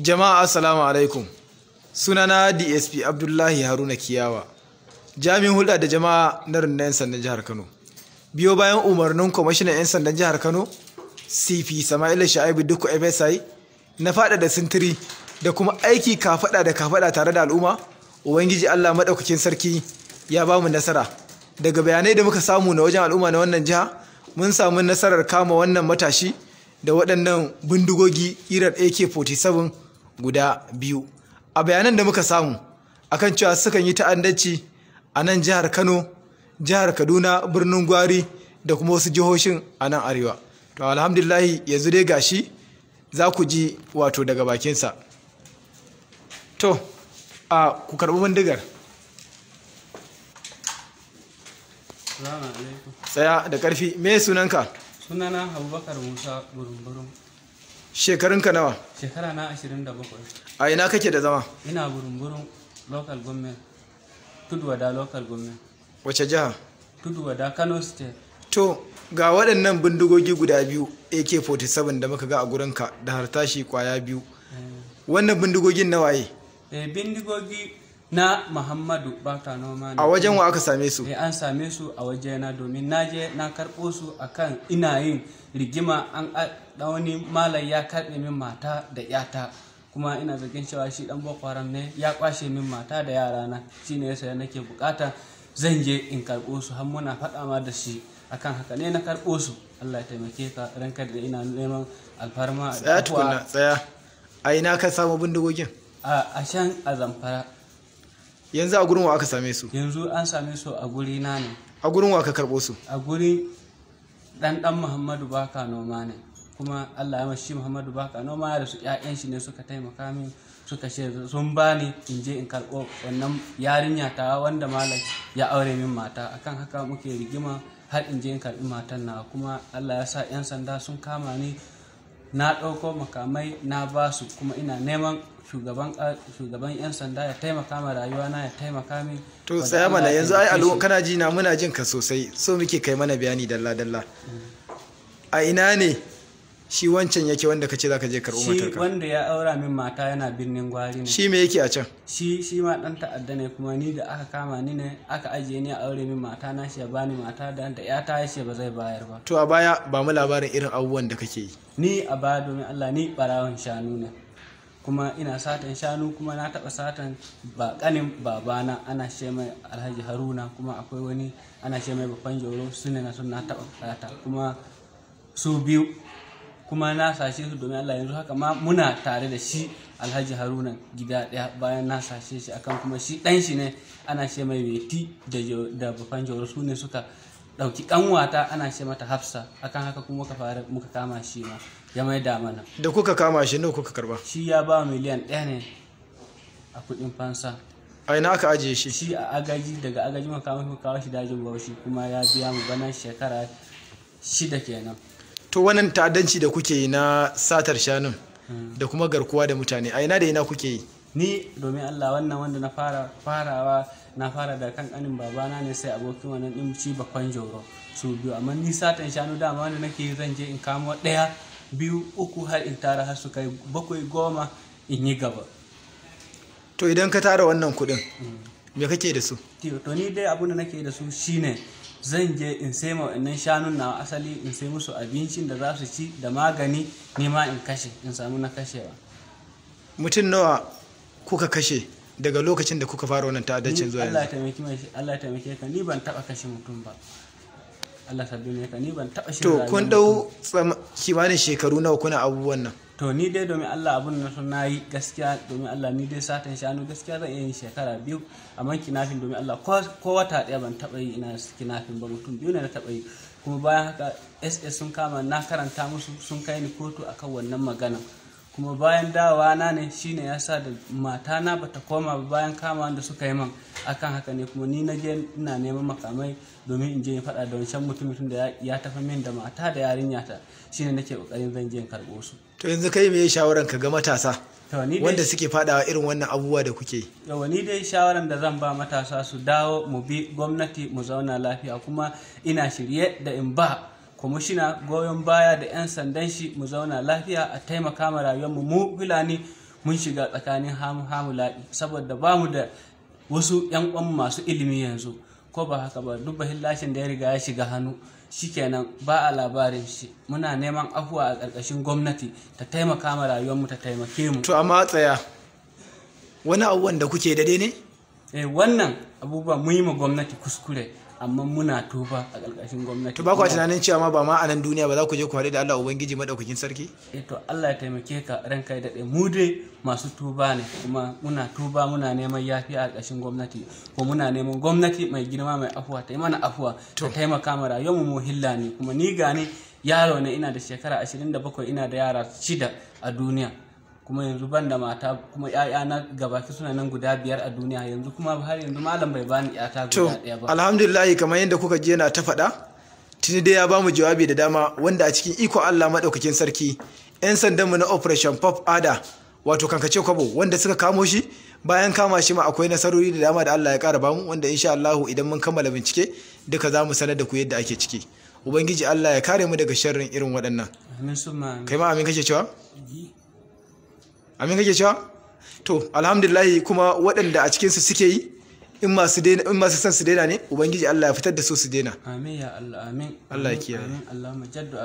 Jama'a assalamu alaikum. Sunana DSP Abdullahi Haruna Kiyawa. Jami'in hulɗa da jama'a na rundunar 'yan sandan jihar Kano. Biyo bayan umarnin kwamishinan 'yan sandan jihar Kano, CP Sama'ila Sha'ibu Dukku FSI, na faɗa da sintiri da kuma aiki kafaɗa da kafaɗa tare da al'umma, Ubangiji Allah Maɗaukakin Sarki ya ba mu nasara. Daga bayanai da muka samu na wajen al'umma na wannan jiha, mun samu nasarar kama wannan matashi da waɗannan bindigogi irar AK-47 guda biyu a bayanan da muka samu akan cewa sukan yi ta'addanci a nan jihar Kano jihar Kaduna birnin Gwari da kuma wasu jihohin a nan arewa to alhamdulillahi yanzu dai gashi za ku ji wato daga bakinsa to a ku karɓi bindigar tsaya da ƙarfi me sunanka sunana abubakar musa burumburum shekarunka nawa shekara na 27 a ina kake da zama ina burumburin local government tudwada local government wace jiha tudwada kano state to ga waɗannan bindigogi guda biyu ak-47 da muka ga a gurinka da hartashi kwaya biyu eh. wannan bindigogin nawaye eh, bindigogi na muhammadu baka noma a wajen wa aka same su eh, an same su a na domin na je na karɓo su akan ina yin rigima an wani malam ya karɓe min mata da yata kuma ina zargin cewa shi dan boko haram ne ya kwashe min mata da yara na ne yasa nake bukata zan je in karɓo su har muna faɗa ma da shi akan haka ne na karɓo su Allah ya taimake ka ranka da ina neman alfarma tsaya tukuna tsaya a ina ka samu bindigogin a shan a zamfara yanzu a gurin wa aka same su yanzu an same su a guri na ne a gurin wa aka karɓo su a guri dan dan muhammadu baka noma ne kuma allah ya mashi muhammadu baka noma ya su ƴaƴan shi ne suka taimaka min suka ce sun bani in je in karɓo wannan yarinya ta wanda malam ya aure min mata akan haka muke rigima har in je in karɓi matan na kuma allah ya sa 'yan sanda sun kama ni na ɗauko makamai na ba su kuma ina neman shugaban 'yan sanda ya taimaka ma rayuwa na ya taimaka min to tsaya mana yanzu ai alu kana ji na muna jin ka sosai so muke kai mana bayani dalla dalla a ina ne shi wancan yake wanda ka ce za ka je karɓo matar shi wanda ya aura min mata yana birnin gwari ne shi me yake a can shi shi ma dan ta'adda ne kuma ni da aka kama ni ne aka ajiye ni a aure min mata na shi ya bani mata da da ya ta shi ba zai bayar ba to a baya ba mu labarin irin abubuwan da kake yi ni a baya domin Allah ni barawon shanu ne kuma ina satan shanu kuma na taɓa satan ba kanin babana ana ce mai alhaji haruna kuma akwai wani ana ce mai babban joro su na na taɓa kuma su biyu kuma na sashe su domin Allah yanzu haka ma muna tare da shi Alhaji Haruna gida daya bayan na sashe shi akan kuma shi dan shi ne ana ce mai Beti da da Bafan Jawar su ne suka dauki ƙanwata ana ce mata Hafsa akan haka kuma muka fara muka kama shi ma ya mai da mana da kuka kama shi nawa kuka karba shi ya ba miliyan ɗaya ne a kuɗin fansa a ina aka ajiye shi shi a agaji daga agaji muka kawo shi dajin bauchi kuma ya biya mu bana shekara shida kenan to wannan ta'addanci da kuke yi na satar shanun da kuma garkuwa da mutane a ina da ina kuke yi ni domin Allah wannan wanda na fara farawa na fara da kan kanin babana ne sai abokin wannan din ci bakwan joro su biyu amma ni satan shanu dama wanda nake zan je in kamo daya biyu uku har in tara har su kai bakwai goma in yi gaba to idan ka tara wannan kuɗin mm. me kake da su to ni dai abun da nake da su shine zan je in sai ma wa'annan shanun nawa asali in sai musu abincin da za su ci da magani ne ma in kashe in samu na kashewa mutum nawa kuka kashe daga lokacin da kuka fara wannan ta'addacin zuwa yanzu Allah ya taimake ka ni ban taba kashe mutum ba Allah sabbi ne ni ban taba shi to kun dau shekaru nawa kuna abubuwan nan to ni dai domin Allah abun na sun nayi gaskiya domin Allah ni dai satan shanu gaskiya zan iya yin shekara biyu amma kinafin domin Allah ko wata daya ban taba yi ina kinafin ba mutum biyu ne na taba yi kuma bayan haka SS sun kama na karanta musu sun kai ni kotu akan wannan maganan kuma bayan dawowa na ne shine ya sa da matana ba ta koma ba bayan kama da suka yi man akan haka ne kuma ni na je ina neman makamai domin in je in faɗa da wancan mutum da ya tafi min da mata da yarinya ta shine nake kokarin zan je in karɓo su to yanzu kai me shawaran ka ga matasa wanda suke fadawa irin wannan abubuwa da kuke yawa ni dai shawaran da zan ba matasa su dawo mu bi gwamnati mu zauna lafiya kuma ina shirye da in ba kwamishina goyon baya da 'yan sandan shi mu zauna lafiya a taimaka ma rayuwarmu mu filani mun shiga tsakanin laɗi saboda ba mu da wasu 'yan kwan masu ilimi yanzu ko ba haka ba duk bahin da ya riga ya shiga hannu shikenan ba a labarin shi muna neman afuwa a ƙarƙashin gwamnati ta taimaka ma rayuwarmu ta taimake mu to amma tsaya wani abubuwan da kuke dade ne eh wannan abubuwa mun yi ma gwamnati kuskure amma muna tofa a ƙarƙashin gwamnati to ba ku tunanin cewa ma ba ma a nan duniya ba za ku je ku haɗu da Allah ubangiji madaukakin sarki eh to Allah ya taimake ka ranka kai daɗe mu dai masu tuba ne kuma muna tuba muna neman yafi a ƙarƙashin gwamnati ko muna neman gwamnati mai girma mai afuwa ta yi mana afuwa ta taimaka mara yau mu hilla ne kuma ni gane yaro ne ina da shekara 27 ina da yara shida a duniya kuma yanzu ban da mata kuma na gabaki suna nan guda biyar a duniya yanzu kuma har yanzu malam bai bani ƴata guda ɗaya ba alhamdulillah kamar yadda kuka je na ta faɗa tuni dai ya bamu jawabi da dama wanda a cikin iko Allah madaukakin sarki yan sandanmu na operation pop ada wato kankace kwabo wanda suka kamo shi bayan kama shi ma akwai nasarori da dama da Allah ya kara bamu wanda insha Allah idan mun kammala bincike duka zamu mu sanar da ku yadda ake ciki ubangiji Allah ya kare mu daga sharrin irin waɗannan kai ma amin kake cewa amin kake cewa to alhamdulillahi kuma waɗanda a cikinsu suke yi in masu daina in masu san su daina ne ubangiji Allah ya fitar da su su daina amin ya Allah amin Allah ya kiyaye amin Allah majaddu